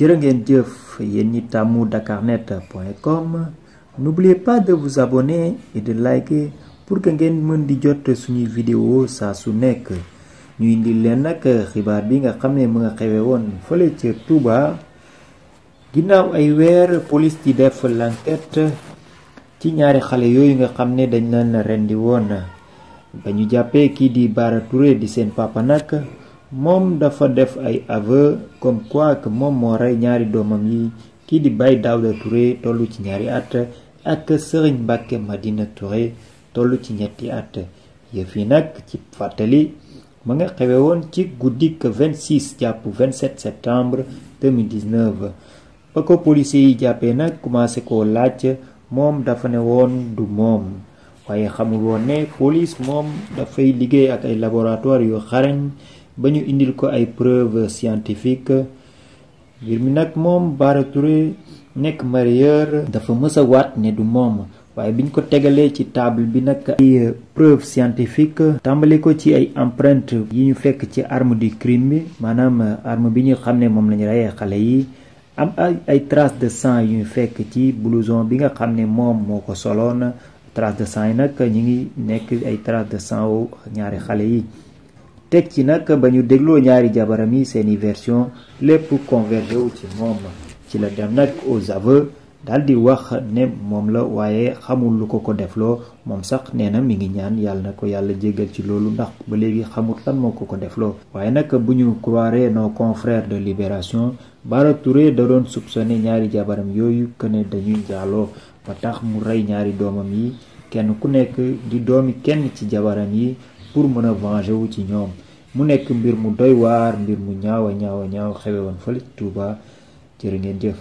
jërë ngeen jëf yéen ñi tàmmu dakarnet.com n'oubliez pas de vous abonner et de liker pour que ngeen mën di jot suñuy vidéo saa su nekk ñu indi leen nag xibaar bi nga xam ne mu nga xewe woon fële ca Touba ginnaaw ay weer police di def l'enquête ci ñaari xale yooyu nga xam ne dañ leen rendi woon ba ñu jàppee kii di Bara di seen papa nag moom dafa def ay aveu comme quoi que moom moo rey ñaari doomam yi kii di Baye Daouda Touré tollu ci ñaari at ak Serigne ma dina Touré toll ci ñetti at yëf yi nag ci fàttali ma nga xewe woon ci guddik 26 jàpp vingt 27 septembre 2019 ba ko policiers yi jàppee nag commencé koo laaj moom dafa ne woon du moom waaye xamul woon ne police moom dafay liggéey ak ay laboratoire yu xarañ ba ñu indil ko ay preuve scientifique ngir mi nag moom Bara nekk mareyeur dafa mës a waat ne du moom waaye biñ ko tegalee ci table bi nag ay preuve scientifique tàmbali ko ci ay empreinte yi ñu fekk ci arme du crime bi maanaam arme bi ñu xam ne moom la ñu reyee xale yi am ay ay trace de sang yu ñu fekk ci blouson bi nga xam ne moom moo ko soloon trace de sang yi nag ñi ngi nekk ay trace de sang wu ñaari xale yi teg ci nag ba ñu dégloo ñaari jabaram yi seeni version lépp convergé wu ci moom ci la dem nag aux aveux daal di wax ne moom la waaye xamul lu ko ko defloo moom sax nee na mi ngi ñaan yàlla na ko yàlla jéggal ci loolu ndax ba léegi xamul lan moo ko ko defloo waaye nag bu ñu croire nos confrères de Libération barature Touré da doon soupçonné ñaari jabaram yooyu que ne dañuy jaaloo ba tax mu rey ñaari doomam yi kenn ku nekk di doomi kenn ci jabaram yi pour mën a venger wu ci ñoom mu nekk mbir mu doy waar mbir mu ñaaw a ñaaw a ñaaw xewe woon fële Touba jërë ngeen jëf